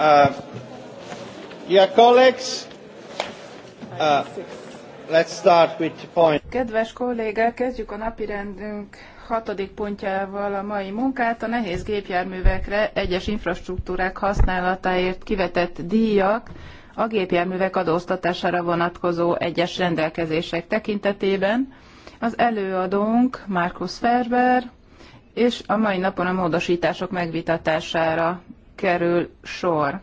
Uh, colleagues, uh, let's start with point. Kedves kollégák, kezdjük a napirendünk hatodik pontjával a mai munkát, a nehéz gépjárművekre egyes infrastruktúrák használatáért kivetett díjak a gépjárművek adóztatására vonatkozó egyes rendelkezések tekintetében. Az előadónk Markus Ferber, és a mai napon a módosítások megvitatására kerül sor.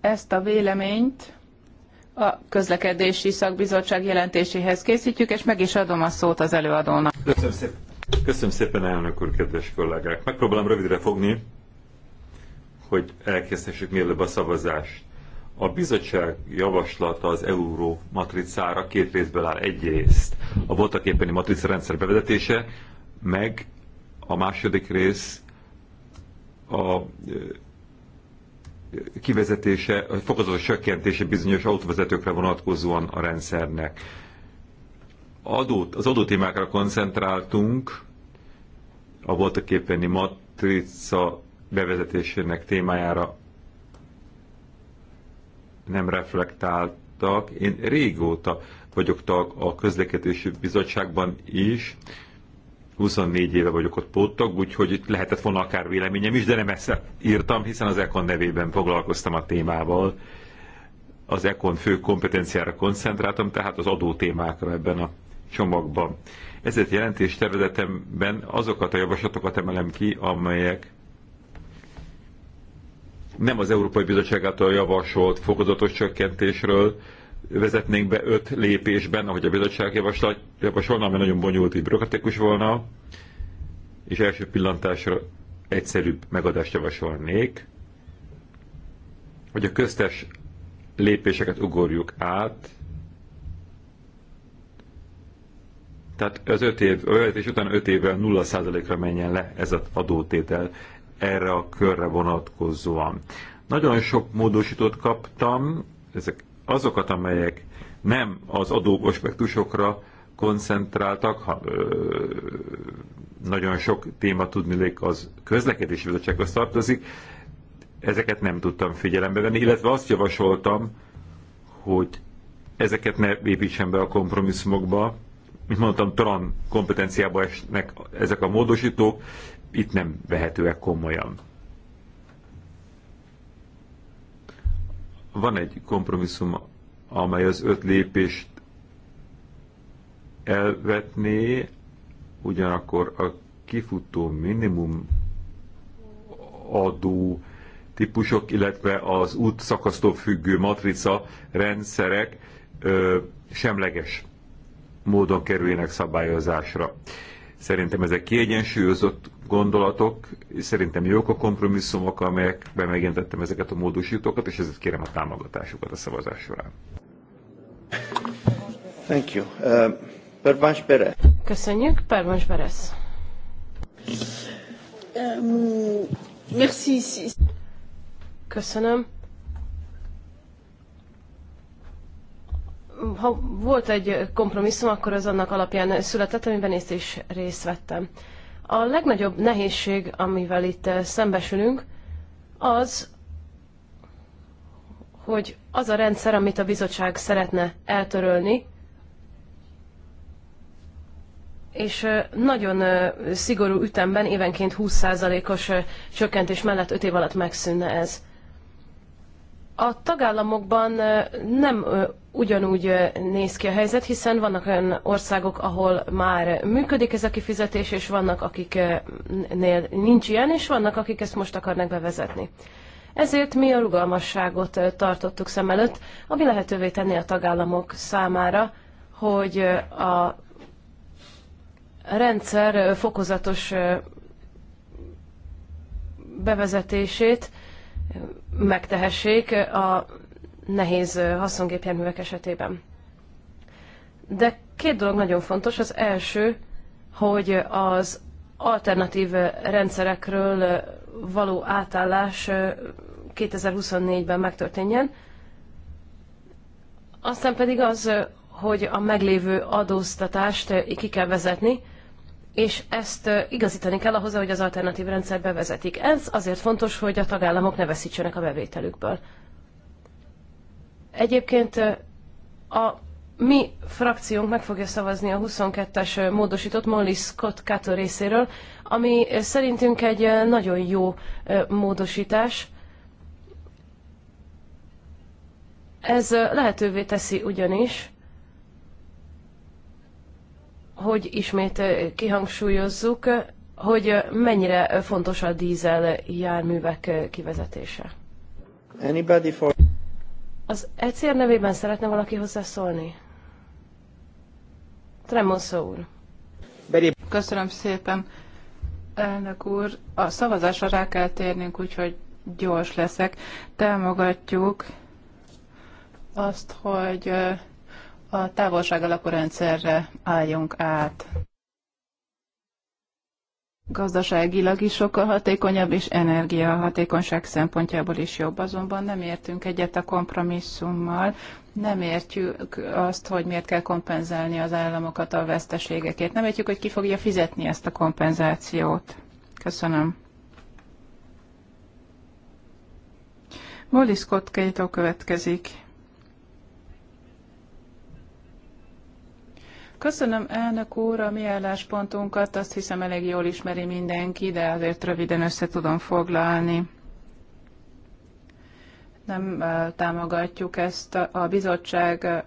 Ezt a véleményt a közlekedési szakbizottság jelentéséhez készítjük, és meg is adom a szót az előadónak. Köszönöm szépen, Köszönöm szépen elnök úr, kedves kollégák. Megpróbálom rövidre fogni, hogy elkezdhessük mielőbb a szavazást. A bizottság javaslata az euró matricára két részből áll. Egyrészt a voltaképpeni matricarendszer bevezetése, meg a második rész a e, kivezetése, a fokozatos csökkentése bizonyos autóvezetőkre vonatkozóan a rendszernek. Adót, az adótémákra koncentráltunk, a voltak éppeni matrica bevezetésének témájára nem reflektáltak. Én régóta vagyok tag a közlekedési bizottságban is, 24 éve vagyok ott póttag, úgyhogy lehetett volna akár véleményem is, de nem ezt írtam, hiszen az Econ nevében foglalkoztam a témával. Az Econ fő kompetenciára koncentráltam, tehát az adó témákra ebben a csomagban. Ezért jelentés tervezetemben azokat a javaslatokat emelem ki, amelyek nem az Európai Bizottság által javasolt fokozatos csökkentésről, vezetnénk be öt lépésben, ahogy a bizottság javasolna, mert nagyon bonyolult és bürokratikus volna, és első pillantásra egyszerűbb megadást javasolnék, hogy a köztes lépéseket ugorjuk át, tehát az öt év, és után 5 évvel 0%-ra menjen le ez az adótétel erre a körre vonatkozóan. Nagyon sok módosítót kaptam, ezek azokat, amelyek nem az adó aspektusokra koncentráltak, ha, ö, nagyon sok téma tudnilék az közlekedési bizottsághoz tartozik, ezeket nem tudtam figyelembe venni, illetve azt javasoltam, hogy ezeket ne építsen be a kompromisszumokba. Mint mondtam, talán kompetenciába esnek ezek a módosítók, itt nem vehetőek komolyan. Van egy kompromisszum, amely az öt lépést elvetné, ugyanakkor a kifutó minimum adó típusok, illetve az útszakasztól függő matrica rendszerek ö, semleges módon kerüljenek szabályozásra. Szerintem ezek kiegyensúlyozott gondolatok, és szerintem jók a kompromisszumok, amelyekben megjelentettem ezeket a módosítókat, és ezért kérem a támogatásukat a szavazás során. Thank you. Uh, Perez. Köszönjük. Pervans Perez. Um, merci. Köszönöm. ha volt egy kompromisszum, akkor az annak alapján született, amiben én is részt vettem. A legnagyobb nehézség, amivel itt eh, szembesülünk, az, hogy az a rendszer, amit a bizottság szeretne eltörölni, és eh, nagyon eh, szigorú ütemben évenként 20%-os csökkentés mellett 5 év alatt megszűnne ez. A tagállamokban nem ugyanúgy néz ki a helyzet, hiszen vannak olyan országok, ahol már működik ez a kifizetés, és vannak, akiknél nincs ilyen, és vannak, akik ezt most akarnak bevezetni. Ezért mi a rugalmasságot tartottuk szem előtt, ami lehetővé tenni a tagállamok számára, hogy a rendszer fokozatos bevezetését megtehessék a nehéz haszongépjárművek esetében. De két dolog nagyon fontos. Az első, hogy az alternatív rendszerekről való átállás 2024-ben megtörténjen. Aztán pedig az, hogy a meglévő adóztatást ki kell vezetni, és ezt igazítani kell ahhoz, hogy az alternatív rendszer bevezetik. Ez azért fontos, hogy a tagállamok ne veszítsenek a bevételükből. Egyébként a mi frakciónk meg fogja szavazni a 22-es módosított Molly Scott Cato részéről, ami szerintünk egy nagyon jó módosítás. Ez lehetővé teszi ugyanis, hogy ismét kihangsúlyozzuk, hogy mennyire fontos a dízel járművek kivezetése. Anybody for... Az ECR nevében szeretne valaki hozzászólni? Tremonszó úr. Köszönöm szépen, elnök úr. A szavazásra rá kell térnünk, úgyhogy gyors leszek. Támogatjuk azt, hogy a távolság alapú rendszerre álljunk át. Gazdaságilag is sokkal hatékonyabb, és energiahatékonyság szempontjából is jobb. Azonban nem értünk egyet a kompromisszummal, nem értjük azt, hogy miért kell kompenzálni az államokat a veszteségekért. Nem értjük, hogy ki fogja fizetni ezt a kompenzációt. Köszönöm. Wallis Scott Kato következik. Köszönöm elnök úr, a mi álláspontunkat azt hiszem elég jól ismeri mindenki, de azért röviden össze tudom foglalni. Nem eh, támogatjuk ezt a bizottság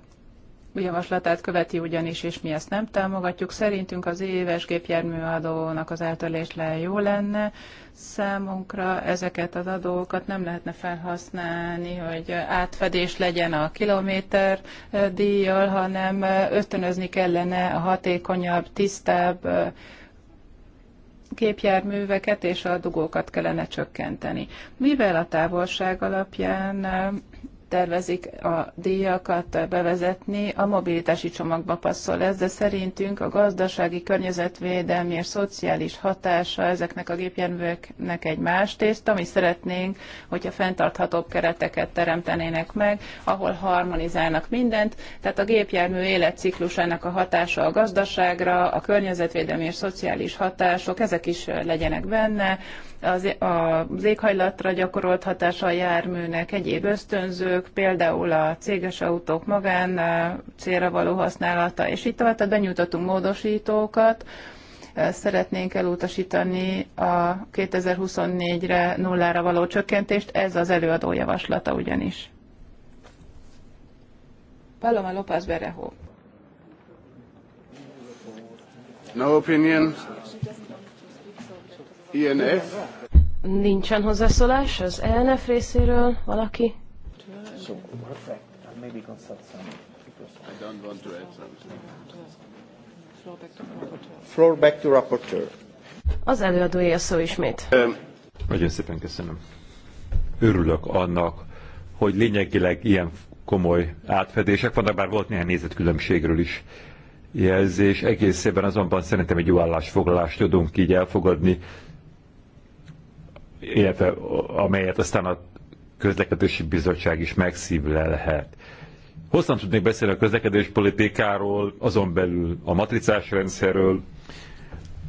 javaslatát követi ugyanis, és mi ezt nem támogatjuk. Szerintünk az éves gépjárműadónak az le jó lenne. Számunkra ezeket az adókat nem lehetne felhasználni, hogy átfedés legyen a kilométer eh, díjjal, hanem eh, ösztönözni kellene a hatékonyabb, tisztább képjárműveket eh, és a dugókat kellene csökkenteni. Mivel a távolság alapján tervezik a díjakat bevezetni, a mobilitási csomagba passzol ez, de szerintünk a gazdasági, környezetvédelmi és szociális hatása ezeknek a gépjárműveknek egy más tészt, ami szeretnénk, hogyha fenntarthatóbb kereteket teremtenének meg, ahol harmonizálnak mindent, tehát a gépjármű életciklusának a hatása a gazdaságra, a környezetvédelmi és szociális hatások, ezek is legyenek benne, az, az éghajlatra gyakorolt hatása a járműnek, egyéb ösztönzők, például a céges autók magán célra való használata, és itt tovább, tehát benyújtottunk módosítókat, szeretnénk elutasítani a 2024-re nullára való csökkentést, ez az előadó javaslata ugyanis. Paloma López bereho. No opinion. INF. Nincsen hozzászólás az ENF részéről valaki? Floor back to rapporteur. Az előadója szó ismét. Um, Nagyon szépen köszönöm. Örülök annak, hogy lényegileg ilyen komoly átfedések vannak, bár volt néhány nézetkülönbségről is jelzés. Egészében azonban szerintem egy jó állásfoglalást tudunk így elfogadni, illetve amelyet aztán a közlekedési bizottság is megszívlelhet. Hosszan tudnék beszélni a közlekedés politikáról, azon belül a matricás rendszerről,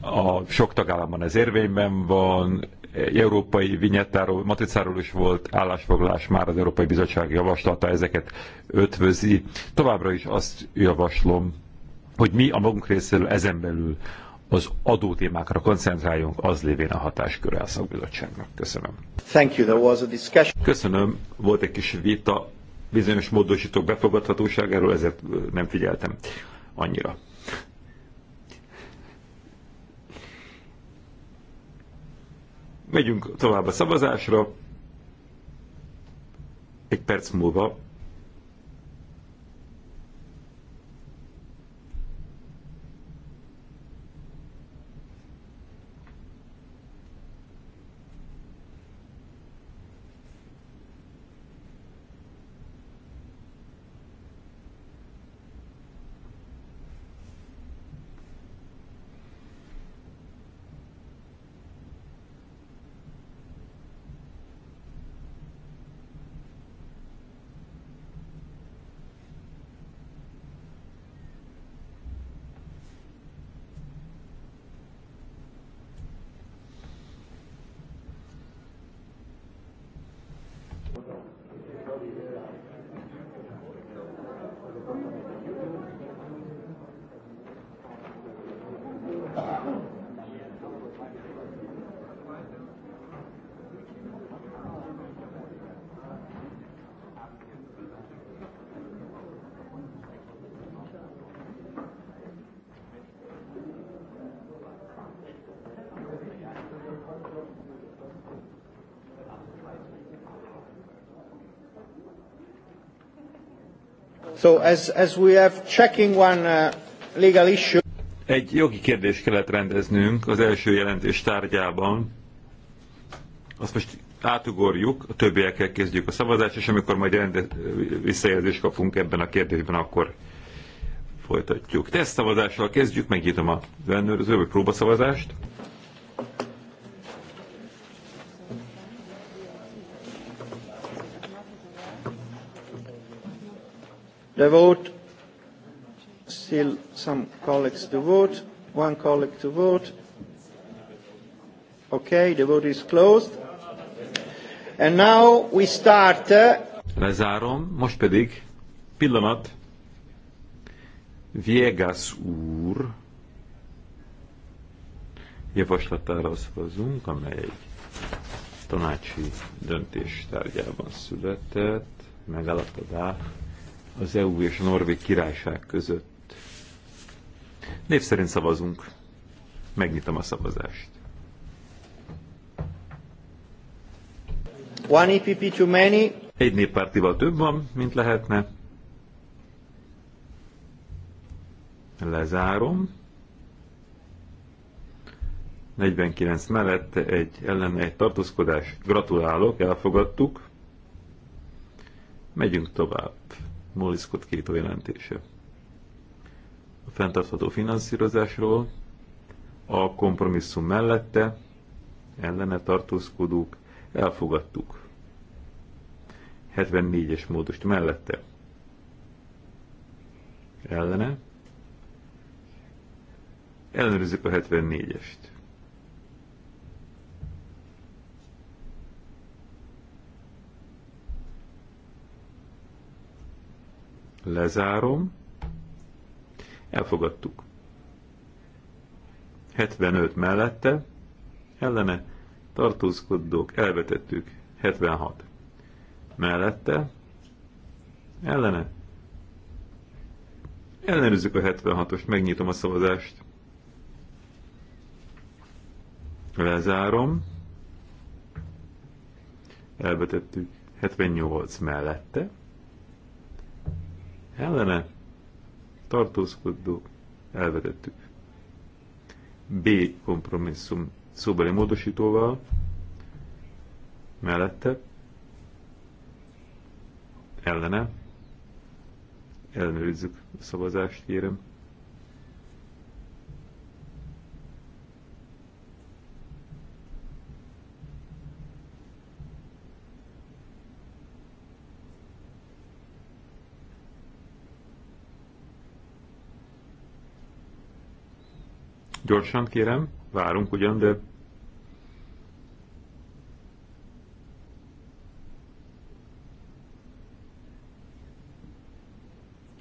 a sok tagállamban ez érvényben van, egy európai vinyettáról, matricáról is volt állásfoglalás, már az Európai Bizottság javaslata ezeket ötvözi. Továbbra is azt javaslom, hogy mi a magunk részéről ezen belül az adótémákra koncentráljunk, az lévén a hatáskör a szakbizottságnak. Köszönöm. Thank you. There was a discussion. Köszönöm. Volt egy kis vita bizonyos módosítók befogadhatóságáról, ezért nem figyeltem annyira. Megyünk tovább a szavazásra. Egy perc múlva So as, as we have checking one uh, legal issue. Egy jogi kérdés kellett rendeznünk az első jelentés tárgyában. Azt most átugorjuk, a többiekkel kezdjük a szavazást, és amikor majd rende, visszajelzést kapunk ebben a kérdésben, akkor folytatjuk. Teszt szavazással kezdjük, megnyitom a ellenőrző, vagy próbaszavazást. The vote, still some colleagues to vote, one colleague to vote. Okay, the vote is closed. And now we start. Uh, Lezárom, most pedig pillanat. Viegas úr javaslatára szavazunk, amely egy tanácsi döntés született, megállapodás az EU és a Norvég királyság között. Név szerint szavazunk. Megnyitom a szavazást. One EPP too many. Egy néppártival több van, mint lehetne. Lezárom. 49 mellett egy ellen egy tartózkodás. Gratulálok, elfogadtuk. Megyünk tovább. Mollis Scott Cato jelentése. A fenntartható finanszírozásról, a kompromisszum mellette, ellene tartózkodók, elfogadtuk. 74-es módost mellette. Ellene. Ellenőrizzük a 74-est. Lezárom. Elfogadtuk. 75 mellette, ellene tartózkodók, elvetettük 76. Mellette, ellene. ellenőrzzük a 76-ost, megnyitom a szavazást. Lezárom. Elvetettük 78 mellette, ellene tartózkodó elvetettük. B kompromisszum szóbeli módosítóval mellette ellene ellenőrizzük a szavazást, kérem. Gyorsan kérem, várunk ugyan, de...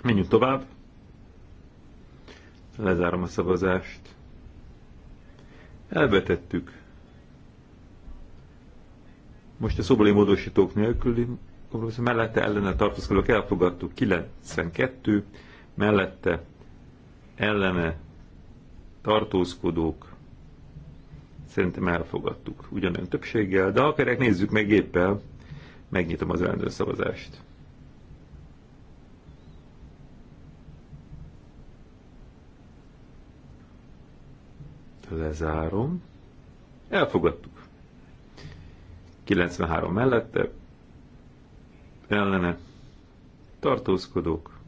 Menjünk tovább. Lezárom a szavazást. Elvetettük. Most a szobali módosítók nélküli kompromisszum mellette ellene tartózkodók elfogadtuk 92, mellette ellene tartózkodók, szerintem elfogadtuk ugyanolyan többséggel, de akarják nézzük meg éppen, megnyitom az elnő szavazást. Lezárom. Elfogadtuk. 93 mellette, ellene, tartózkodók,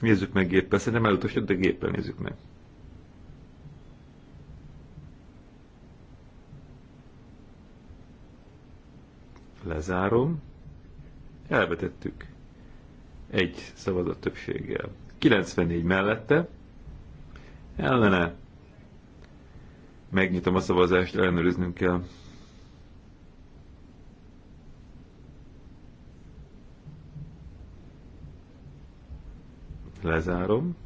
Nézzük meg géppel, szerintem elutasod, de géppel nézzük meg. Lezárom. Elvetettük. Egy szavazat többséggel. 94 mellette. Ellene. Megnyitom a szavazást, ellenőriznünk kell. Lezárom.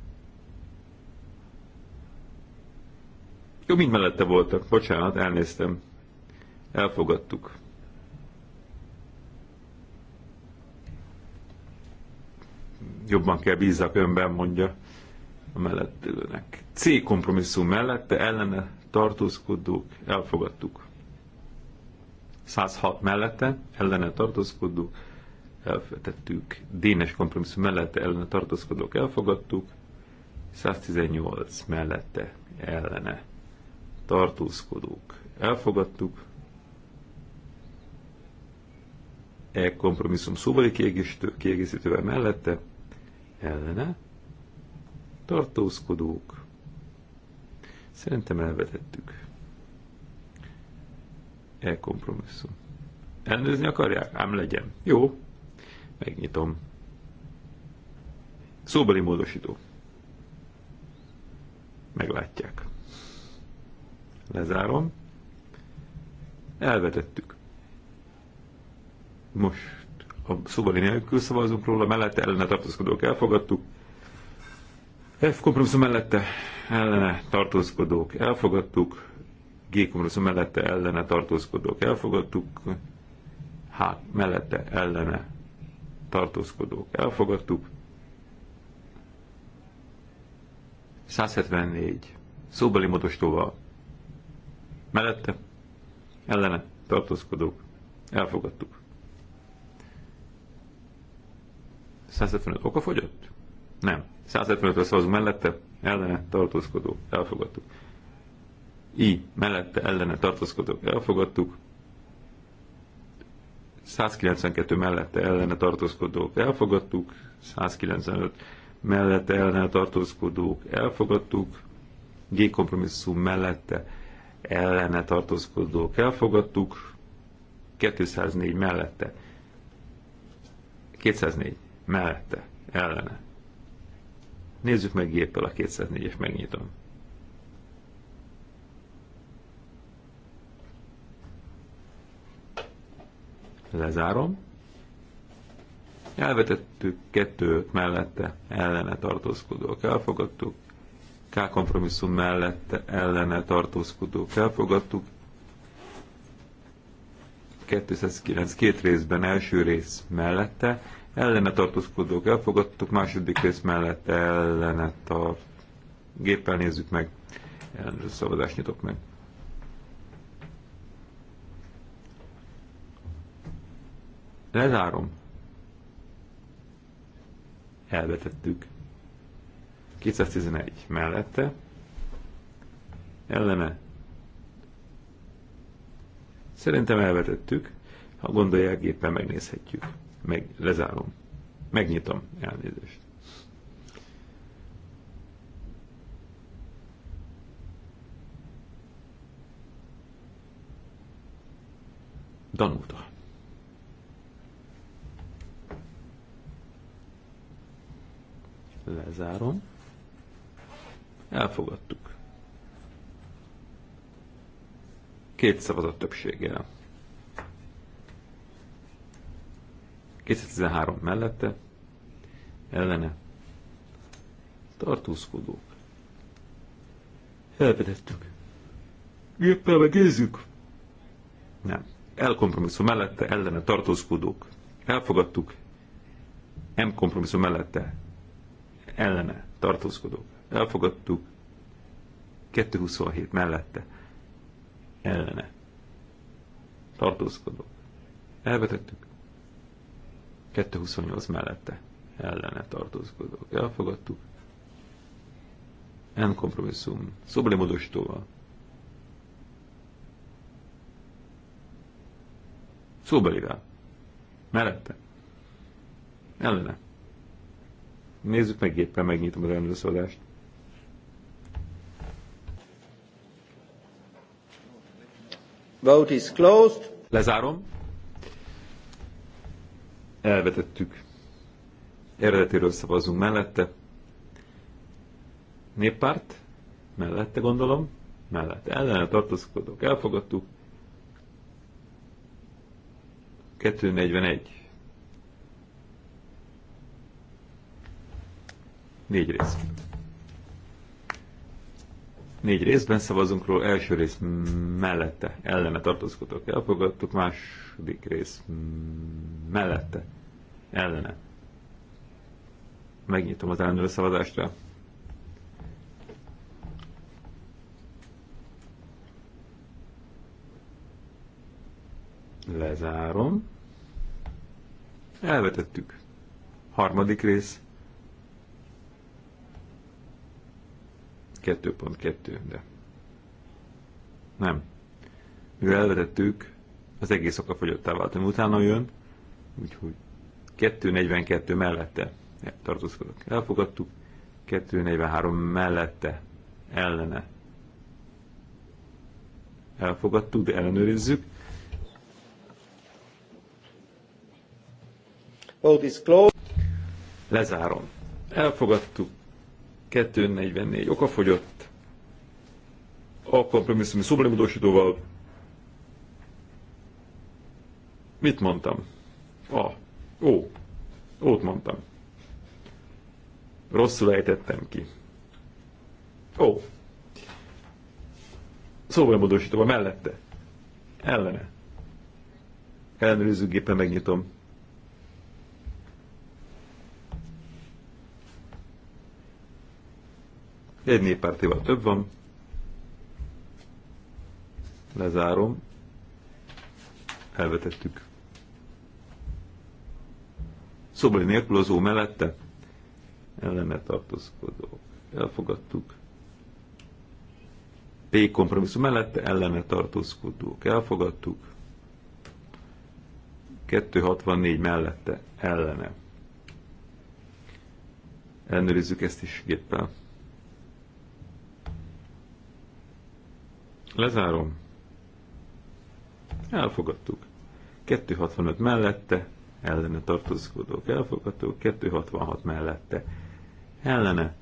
Jó, mind mellette voltak. Bocsánat, elnéztem. Elfogadtuk. Jobban kell bízzak önben, mondja a mellettülőnek. C kompromisszum mellette ellene tartózkodók elfogadtuk. 106 mellette ellene tartózkodók elvetettük, dénes kompromisszum mellette ellene tartózkodók elfogadtuk, 118 mellette ellene tartózkodók elfogadtuk, e kompromisszum szóbeli kiegészítő, kiegészítővel mellette ellene tartózkodók szerintem elvetettük e kompromisszum. Elnőzni akarják? Ám legyen. Jó, Megnyitom. Szóbeli módosító. Meglátják. Lezárom. Elvetettük. Most a szóbeli nélkül szavazunk róla, mellette ellene tartózkodók elfogadtuk. F kompromisszum mellette ellene tartózkodók elfogadtuk. G kompromisszum mellette ellene tartózkodók elfogadtuk. H mellette ellene tartózkodók elfogadtuk. 174 szóbeli modostóval mellette ellene tartózkodók elfogadtuk. 175 fogyott. Nem. 175 az az mellette, ellene tartózkodók elfogadtuk. I mellette ellene tartózkodók elfogadtuk. 192 mellette ellene tartózkodók elfogadtuk, 195 mellette ellene tartózkodók elfogadtuk, G kompromisszum mellette ellene tartózkodók elfogadtuk, 204 mellette, 204 mellette, ellene. Nézzük meg géppel a 204-es, megnyitom. Lezárom. Elvetettük kettőt mellette, ellene tartózkodók. Elfogadtuk. K kompromisszum mellette, ellene tartózkodók. Elfogadtuk. 209 két részben első rész mellette, ellene tartózkodók elfogadtuk, második rész mellette ellene tart. Géppel nézzük meg, ellenőrző szavazást nyitok meg. Lezárom. Elvetettük. 211 mellette. Ellene. Szerintem elvetettük. Ha gondolják, éppen megnézhetjük. Meg, lezárom. Megnyitom. Elnézést. Danuta. Lezárom. Elfogadtuk. Két szavazat többséggel. 213 mellette, ellene tartózkodók. Elvedettük. Géppel megézzük? Nem. Elkompromisszum mellette, ellene tartózkodók. Elfogadtuk. M kompromisszum mellette, ellene tartózkodók elfogadtuk, 227 mellette ellene tartózkodók elvetettük, 228 mellette ellene tartózkodók elfogadtuk, en kompromisszum szoblémodosítóval szóbelivel mellette ellene Nézzük meg éppen, megnyitom az előszólást. Vote is closed. Lezárom. Elvetettük. Eredetéről szavazunk mellette. Néppárt? Mellette gondolom. Mellette. Ellene tartózkodók elfogadtuk. 241. Négy rész. Négy részben szavazunk róla, első rész mellette, ellene tartózkodók elfogadtuk, második rész mellette, ellene. Megnyitom az ellenőr szavazásra. Lezárom. Elvetettük. Harmadik rész 2.2, de nem. Mivel elvetettük, az egész okafogyottá vált, ami utána jön, úgyhogy 2.42 mellette tartózkodok. Elfogadtuk, 2.43 mellette, ellene. Elfogadtuk, de ellenőrizzük. Lezárom. Elfogadtuk 244 okafogyott, a kompromisszumi szublimudósítóval mit mondtam? A. Ó. Ót mondtam. Rosszul ejtettem ki. Ó. Szóval mellette. Ellene. Ellenőrző gépen megnyitom. Egy néppártival több van. Lezárom. Elvetettük. Szobali nélkülözó mellette ellene tartózkodó. Elfogadtuk. P kompromisszum mellette ellene tartózkodók. Elfogadtuk. 264 mellette ellene. Ellenőrizzük ezt is géppel. Lezárom. Elfogadtuk. 265 mellette, ellene tartózkodók elfogadtuk, 266 mellette, ellene.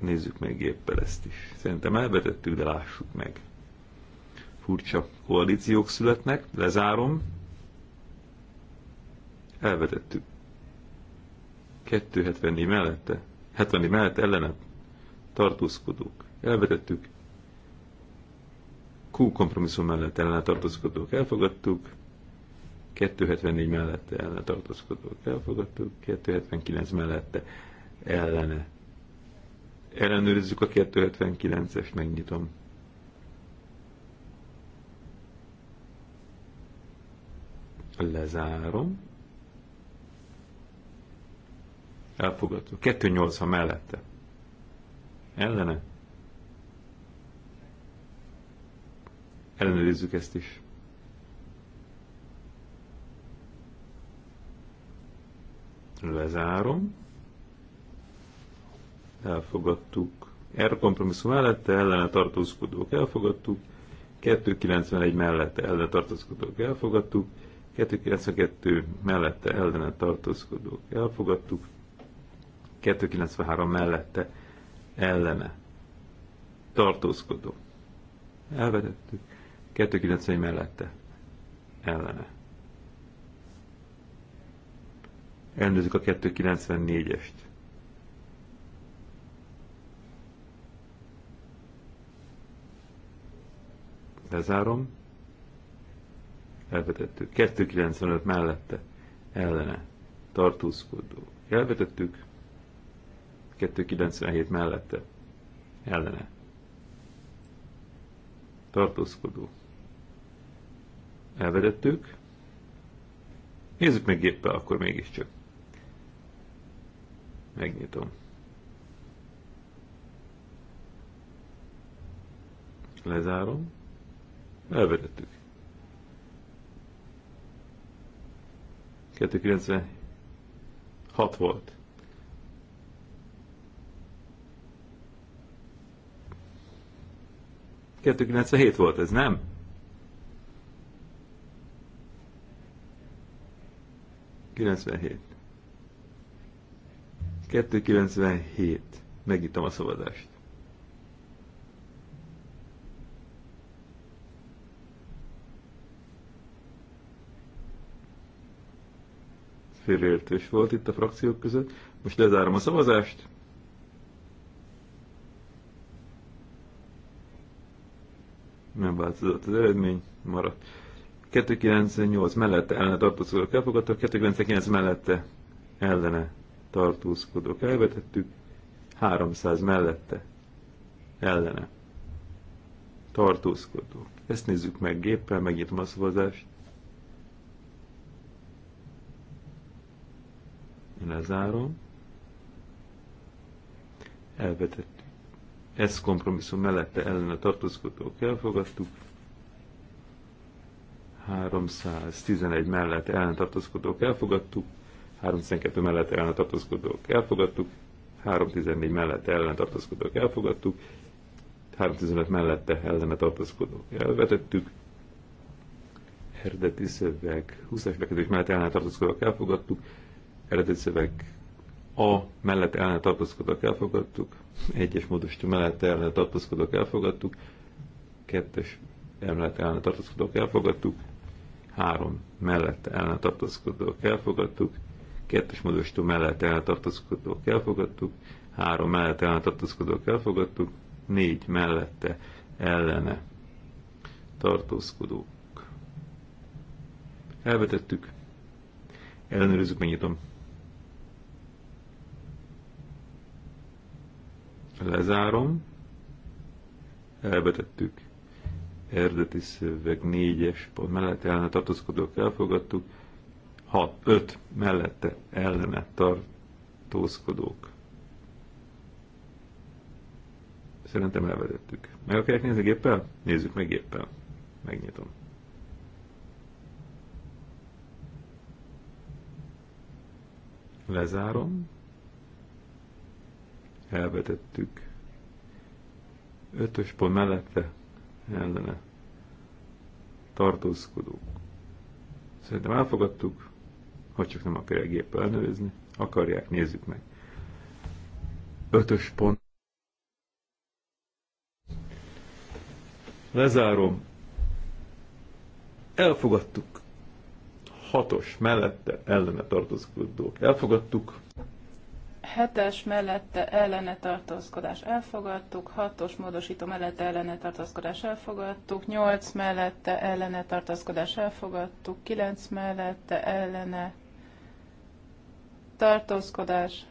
Nézzük meg éppen ezt is. Szerintem elvetettük, de lássuk meg. Furcsa koalíciók születnek, lezárom. Elvetettük. 274 mellette, 70 mellett ellene tartózkodók elvetettük. Q kompromisszum mellett ellentartózkodók elfogadtuk. 274 mellette ellentartózkodók elfogadtuk. 279 mellette ellene. Ellenőrizzük a 279-es, megnyitom. Lezárom. Elfogadtuk. 280 mellette. Ellene Ellenőrizzük ezt is. Lezárom. Elfogadtuk. R kompromisszum mellette ellene tartózkodók elfogadtuk. 291 mellette ellene tartózkodók elfogadtuk. 292 mellette ellene tartózkodók elfogadtuk. 293 mellette ellene tartózkodó. Elvetettük. 291 mellette. Ellene. Elnőzzük a 294-est. Lezárom. Elvetettük. 295 mellette. Ellene. Tartózkodó. Elvetettük. 297 mellette. Ellene. Tartózkodó elvedettük. Nézzük meg géppel, akkor mégiscsak. Megnyitom. Lezárom. Elvedettük. 296 volt. Kettő volt ez, nem? 97. 297. Megnyitom a szavazást. Félreértés volt itt a frakciók között. Most lezárom a szavazást. Nem változott az eredmény, maradt. 298 mellette ellene tartózkodók elfogadtak, 299 mellette ellene tartózkodók elvetettük, 300 mellette ellene tartózkodók. Ezt nézzük meg géppel, megnyitom a szavazást. Lezárom. Elvetettük. Ez kompromisszum mellette ellene tartózkodók elfogadtuk. 311 mellett ellentartózkodók elfogadtuk, 312 mellett ellentartózkodók elfogadtuk, 314 mellett ellentartózkodók elfogadtuk, 315 mellette ellene tartózkodók elvetettük, eredeti szöveg 20-as bekezdés mellett ellentartózkodók elfogadtuk, eredeti szöveg A mellett ellentartózkodók elfogadtuk, 1 egyes módosító mellett ellentartózkodók tartózkodók elfogadtuk, kettes emlet ellene tartózkodók elfogadtuk, három mellett ellentartózkodók elfogadtuk, kettes módosító mellett ellentartózkodók elfogadtuk, három mellett ellentartózkodók elfogadtuk, négy mellette ellene tartózkodók. Elvetettük. Ellenőrizzük, megnyitom. Lezárom. Elvetettük eredeti szöveg négyes pont mellett ellene tartózkodók elfogadtuk, 6, 5 mellette ellene tartózkodók. Szerintem elvedettük. Meg akarják nézni géppel? Nézzük meg géppel. Megnyitom. Lezárom. Elvetettük. Ötös pont mellette ellene tartózkodók. Szerintem elfogadtuk, ha csak nem akarják géppel ellenőrizni, akarják, nézzük meg. Ötös pont. Lezárom. Elfogadtuk. Hatos mellette ellene tartózkodók. Elfogadtuk. 7-es mellette ellene tartózkodás elfogadtuk, 6-os módosító mellette ellene tartózkodás elfogadtuk, 8 mellette ellene tartózkodás elfogadtuk, 9 mellette ellene tartózkodás.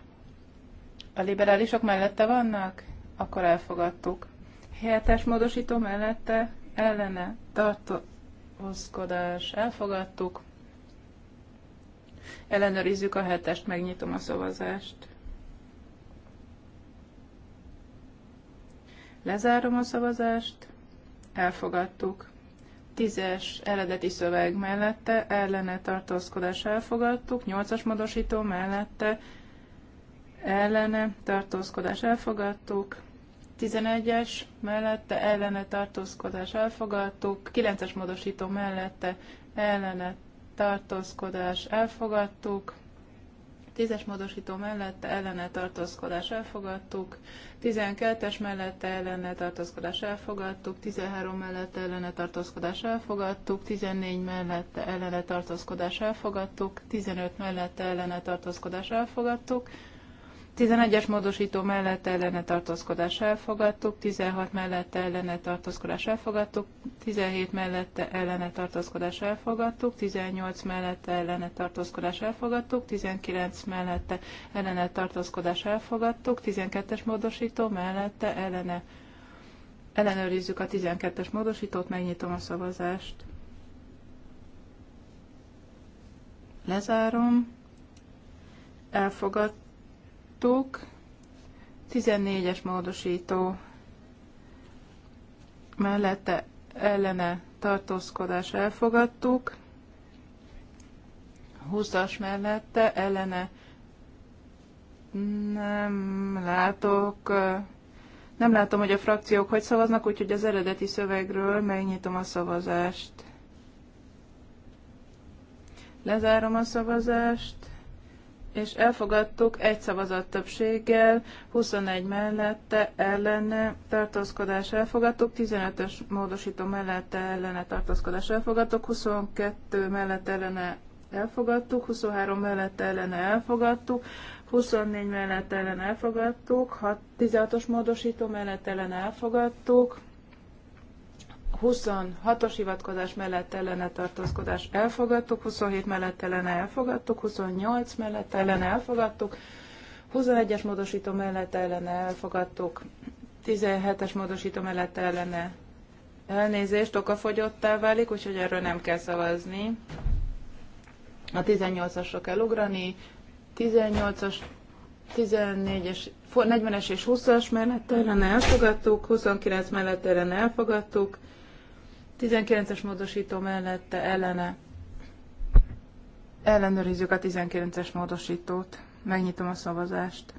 A liberálisok mellette vannak? Akkor elfogadtuk. 7-es módosító mellette ellene tartózkodás elfogadtuk. Ellenőrizzük a hetest, megnyitom a szavazást. Lezárom a szavazást, elfogadtuk. Tízes eredeti szöveg mellette, ellene tartózkodás elfogadtuk, nyolcas modosító mellette, ellene tartózkodás elfogadtuk, 11-es mellette ellene tartózkodás elfogadtuk, 9-es módosító mellette ellene tartózkodás elfogadtuk, 10-es módosító mellette ellene tartózkodás elfogadtuk, 12-es mellette ellene tartózkodás elfogadtuk, 13 mellette ellene tartózkodás elfogadtuk, 14 mellette ellene tartózkodás elfogadtuk, 15 mellette ellene tartózkodás elfogadtuk, 11-es módosító mellett ellene tartózkodás elfogadtuk, 16 mellett ellene tartózkodás elfogadtuk, 17 mellette ellene tartózkodás elfogadtuk, 18 mellette ellene tartózkodás elfogadtuk, 19 mellette ellene tartózkodás elfogadtuk, 12-es módosító mellette ellene ellenőrizzük a 12-es módosítót, megnyitom a szavazást. Lezárom. Elfogadtuk elfogadtuk. 14-es módosító mellette ellene tartózkodás elfogadtuk. 20-as mellette ellene nem látok, nem látom, hogy a frakciók hogy szavaznak, úgyhogy az eredeti szövegről megnyitom a szavazást. Lezárom a szavazást és elfogadtuk egy szavazat többséggel, 21 mellette ellene tartózkodás elfogadtuk, 15-ös módosító mellette ellene tartózkodás elfogadtuk, 22 mellette ellene elfogadtuk, 23 mellette ellene elfogadtuk, 24 mellett ellen elfogadtuk, 16-os módosító mellett ellen elfogadtuk, 26-os hivatkozás mellett ellene tartózkodás elfogadtuk, 27 mellett ellene elfogadtuk, 28 mellett ellene elfogadtuk, 21-es módosító mellett ellene elfogadtuk, 17-es módosító mellett ellene elnézést, okafogyottá válik, úgyhogy erről nem kell szavazni. A 18-asra kell ugrani, 18-as, 14-es 40-es és 20-as mellett ellene elfogadtuk, 29 mellett ellene elfogadtuk, 19-es módosító mellette ellene. Ellenőrizzük a 19-es módosítót. Megnyitom a szavazást.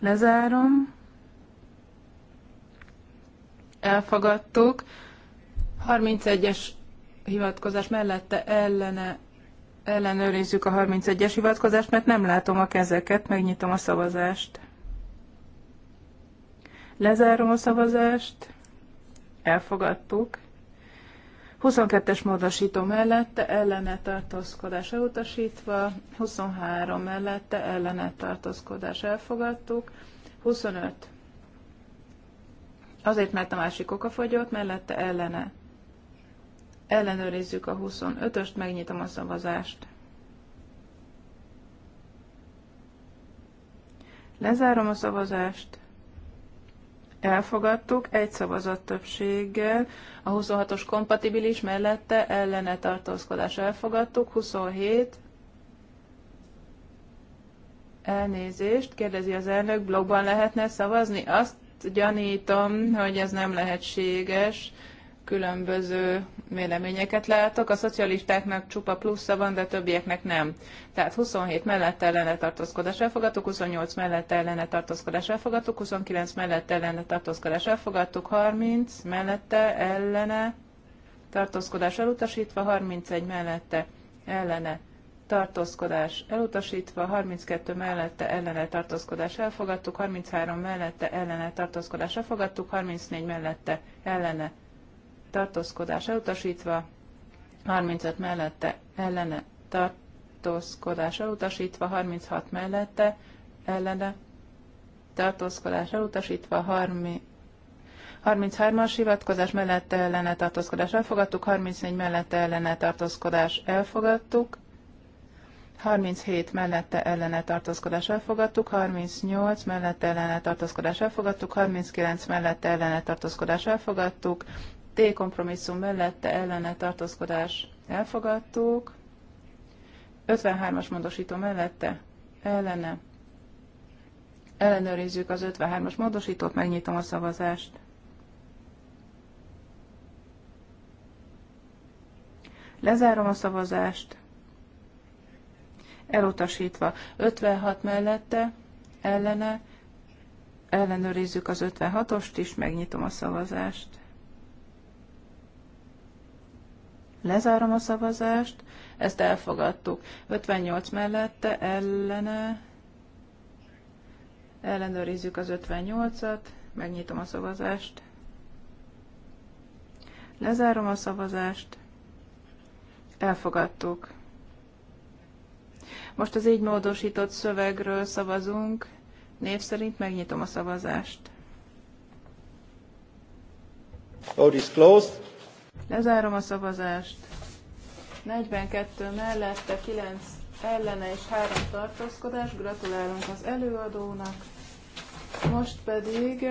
Lezárom. Elfogadtuk. 31-es hivatkozás mellette ellene ellenőrizzük a 31-es hivatkozást, mert nem látom a kezeket, megnyitom a szavazást. Lezárom a szavazást elfogadtuk. 22-es módosító mellette ellene tartózkodás elutasítva, 23 mellette ellene tartózkodás elfogadtuk, 25 azért, mert a másik oka fogyott, mellette ellene. Ellenőrizzük a 25-öst, megnyitom a szavazást. Lezárom a szavazást elfogadtuk egy szavazat többséggel, a 26-os kompatibilis mellette ellene tartózkodás elfogadtuk, 27 elnézést, kérdezi az elnök, blogban lehetne szavazni? Azt gyanítom, hogy ez nem lehetséges, különböző véleményeket látok. A szocialistáknak csupa plusza van, de többieknek nem. Tehát 27 mellett ellene tartózkodás elfogadtuk, 28 mellett ellene tartózkodás elfogadtuk, 29 mellett ellene tartózkodás elfogadtuk, 30 mellette ellene tartózkodás elutasítva, 31 mellette ellene tartózkodás elutasítva, 32 mellette ellene tartózkodás elfogadtuk, 33 mellette ellene tartózkodás elfogadtuk, 34 mellette ellene tartózkodás elutasítva, 35 mellette ellene tartózkodás elutasítva, 36 mellette ellene tartózkodás elutasítva, 30, 33-as hivatkozás mellette ellene tartózkodás elfogadtuk, 34 mellette ellene tartózkodás elfogadtuk, 37 mellette ellene tartózkodás elfogadtuk, 38 mellette ellene tartózkodás elfogadtuk, 39 mellette ellene tartózkodás elfogadtuk, T kompromisszum mellette ellene tartózkodás elfogadtuk. 53-as módosító mellette ellene. Ellenőrizzük az 53-as módosítót, megnyitom a szavazást. Lezárom a szavazást. Elutasítva. 56 mellette ellene. Ellenőrizzük az 56-ost is, megnyitom a szavazást. Lezárom a szavazást, ezt elfogadtuk. 58 mellette ellene ellenőrizzük az 58-at, megnyitom a szavazást. Lezárom a szavazást, elfogadtuk. Most az így módosított szövegről szavazunk. Név szerint megnyitom a szavazást. Vote is closed. Lezárom a szavazást. 42 mellette, 9 ellene és 3 tartózkodás. Gratulálunk az előadónak. Most pedig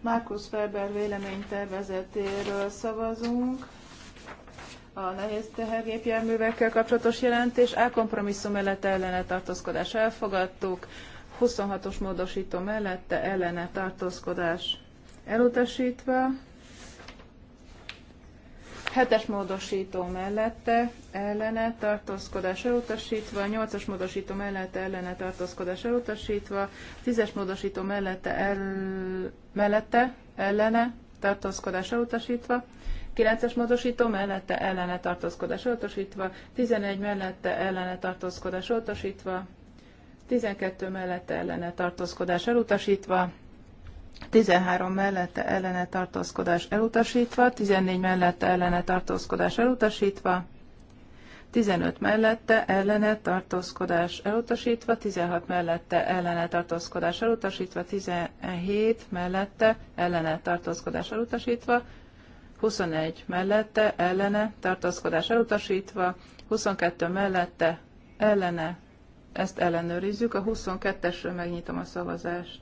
Markus Ferber véleménytervezetéről szavazunk a nehéz tehergépjárművekkel kapcsolatos jelentés. A kompromisszum mellett ellene tartózkodás elfogadtuk, 26-os módosító mellette ellene tartózkodás elutasítva. Hetes módosító mellette ellene tartózkodás elutasítva, nyolcas módosító mellette ellene tartózkodás elutasítva, tízes módosító mellette, el, mellette ellene tartózkodás elutasítva, 9-es módosító mellette ellene tartózkodás elutasítva, 11 mellette ellene tartózkodás elutasítva, 12 mellette ellene tartózkodás elutasítva, 13 mellette ellene tartózkodás elutasítva, 14 mellette ellene tartózkodás elutasítva, 15 mellette ellene tartózkodás elutasítva, 16 mellette ellene tartózkodás elutasítva, 17 mellette ellene tartózkodás elutasítva, 21 mellette ellene tartózkodás elutasítva, 22 mellette ellene, ezt ellenőrizzük, a 22-esről megnyitom a szavazást.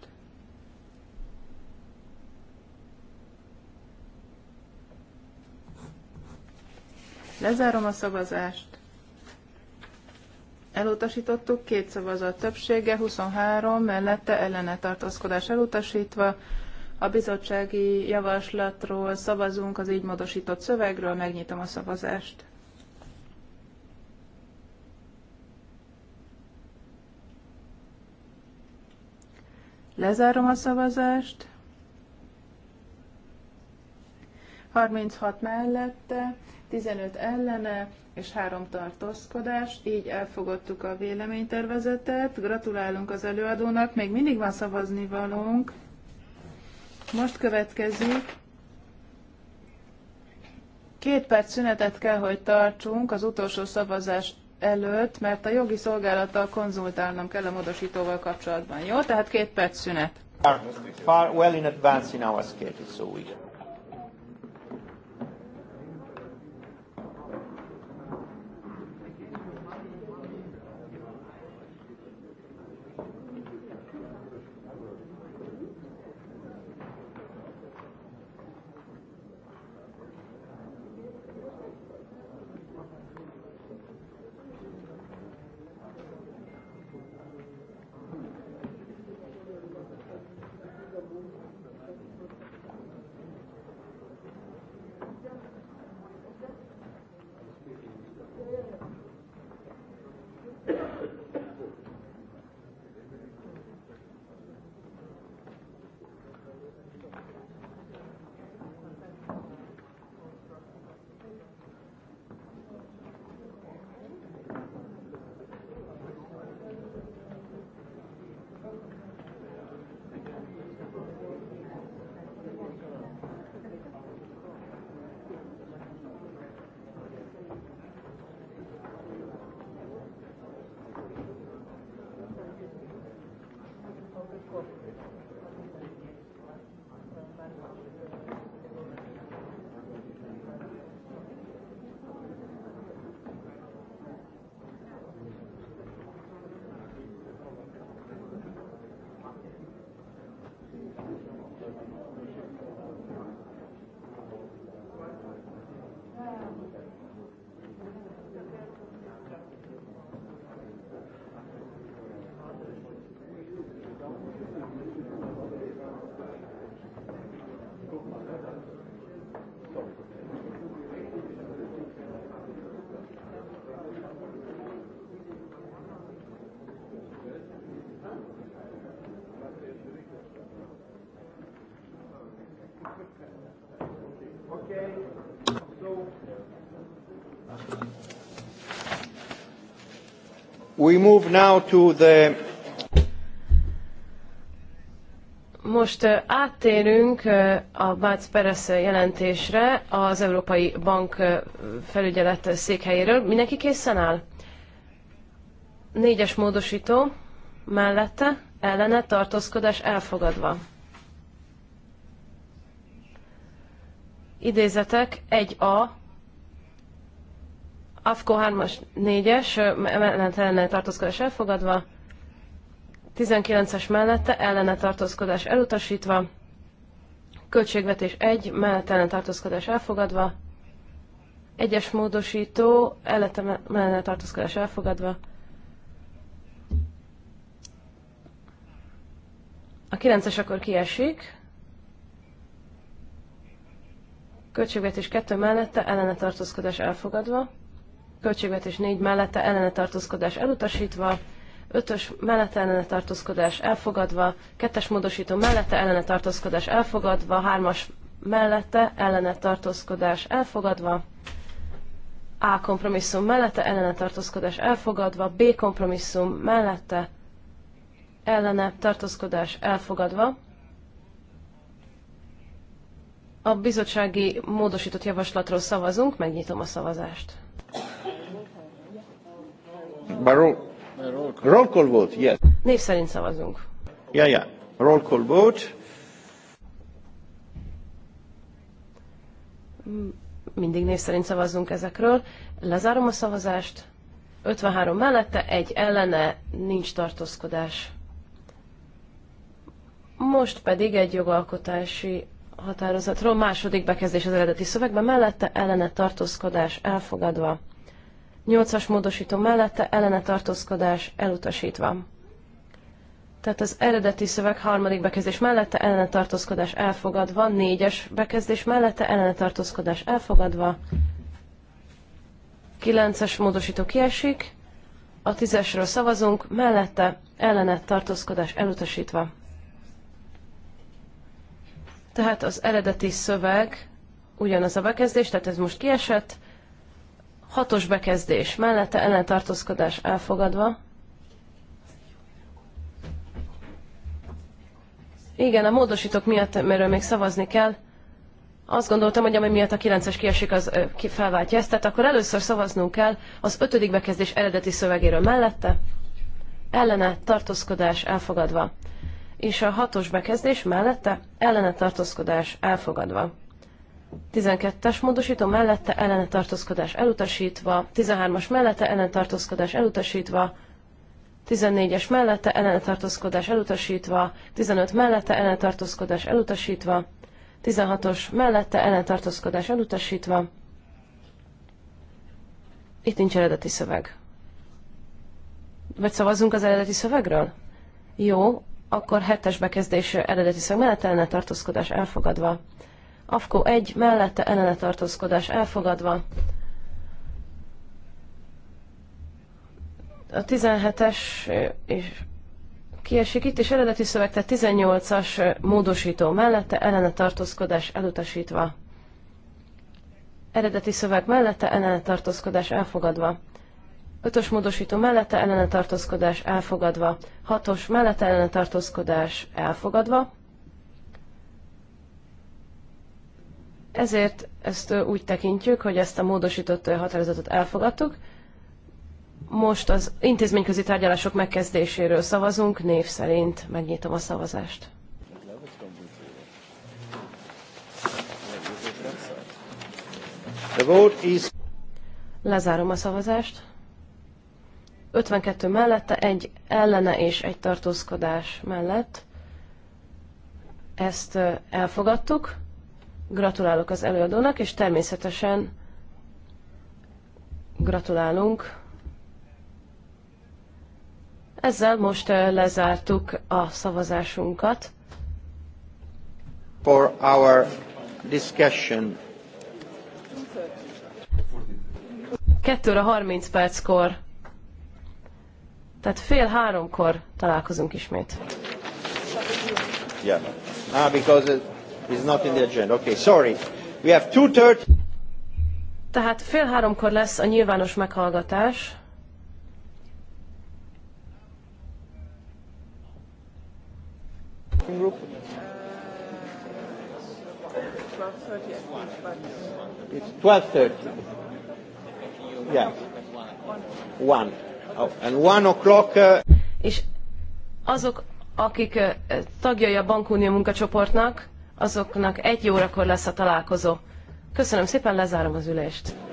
Lezárom a szavazást. Elutasítottuk két szavazat többsége, 23 mellette ellene tartózkodás elutasítva. A bizottsági javaslatról szavazunk az így módosított szövegről, megnyitom a szavazást. Lezárom a szavazást. 36 mellette, 15 ellene és 3 tartózkodás. Így elfogadtuk a véleménytervezetet. Gratulálunk az előadónak, még mindig van szavazni valónk. Most következik. Két perc szünetet kell, hogy tartsunk az utolsó szavazás előtt, mert a jogi szolgálattal konzultálnom kell a módosítóval kapcsolatban. Jó? Tehát két perc szünet. Far, well in advance in our schedule, so we... We move now to the... Most eh, áttérünk eh, a Bác Peres jelentésre az Európai Bank eh, felügyelet székhelyéről. Mindenki készen áll? Négyes módosító mellette ellene tartózkodás elfogadva. Idézetek 1A AFKO 3-as, 4-es, mellett ellene tartózkodás elfogadva, 19-es mellette ellene tartózkodás elutasítva, költségvetés 1, mellette ellene tartózkodás elfogadva, 1-es módosító, ellete mellett tartózkodás elfogadva, a 9-es akkor kiesik, költségvetés 2 mellette ellene tartózkodás elfogadva, költségvetés 4 mellette ellene tartózkodás elutasítva, 5-ös mellette ellene tartózkodás elfogadva, 2-es módosító mellette ellene tartózkodás elfogadva, 3-as mellette ellene tartózkodás elfogadva, A kompromisszum mellette ellene tartózkodás elfogadva, B kompromisszum mellette ellene tartózkodás elfogadva. A bizottsági módosított javaslatról szavazunk, megnyitom a szavazást by roll, roll call vote, yes. Név szerint szavazunk. Ja, ja, Roll call vote. Mindig név szerint szavazunk ezekről. Lezárom a szavazást. 53 mellette, egy ellene, nincs tartózkodás. Most pedig egy jogalkotási határozatról, második bekezdés az eredeti szövegben, mellette ellene tartózkodás elfogadva. Nyolcas módosító mellette ellene tartózkodás elutasítva. Tehát az eredeti szöveg harmadik bekezdés mellette ellene tartózkodás elfogadva, négyes bekezdés mellette ellene tartózkodás elfogadva, kilences módosító kiesik, a tízesről szavazunk, mellette ellene tartózkodás elutasítva. Tehát az eredeti szöveg ugyanaz a bekezdés, tehát ez most kiesett, Hatos bekezdés mellette ellentartózkodás elfogadva. Igen, a módosítók miatt, mert még szavazni kell, azt gondoltam, hogy ami miatt a 9-es kiesik, az ki felváltja ezt. Tehát akkor először szavaznunk kell az ötödik bekezdés eredeti szövegéről mellette, ellene tartózkodás elfogadva. És a hatos bekezdés mellette ellene tartózkodás elfogadva. 12-es módosító mellette ellene tartózkodás elutasítva, 13-as mellette ellene tartózkodás elutasítva, 14-es mellette ellene tartózkodás elutasítva, 15 mellette ellene tartózkodás elutasítva, 16-os mellette ellene tartózkodás elutasítva. Itt nincs eredeti szöveg. Vagy szavazzunk az eredeti szövegről? Jó, akkor 7-es bekezdés eredeti szöveg mellette ellene tartózkodás elfogadva. AFKO 1 mellette ellene tartózkodás elfogadva. A 17-es és kiesik itt, és eredeti szöveg, tehát 18-as módosító mellette ellene tartózkodás elutasítva. Eredeti szöveg mellette ellene tartózkodás elfogadva. Ötös módosító mellette ellene tartózkodás elfogadva. Hatos mellette ellene tartózkodás elfogadva. Ezért ezt úgy tekintjük, hogy ezt a módosított határozatot elfogadtuk. Most az intézményközi tárgyalások megkezdéséről szavazunk, név szerint megnyitom a szavazást. The vote is... Lezárom a szavazást. 52 mellette, egy ellene és egy tartózkodás mellett. Ezt elfogadtuk. Gratulálok az előadónak, és természetesen gratulálunk. Ezzel most eh, lezártuk a szavazásunkat. For our discussion. 2 óra 30 perckor, tehát fél háromkor találkozunk ismét. Yeah. Ah, because it... It's not in the agenda. Okay, sorry. We have 2.30. Tehát fél háromkor lesz a nyilvános meghallgatás. Group. It's 12.30. Yeah. One. Oh, and one o'clock. Uh- És azok, akik uh, tagjai a bankunió munkacsoportnak, azoknak egy órakor lesz a találkozó. Köszönöm szépen, lezárom az ülést.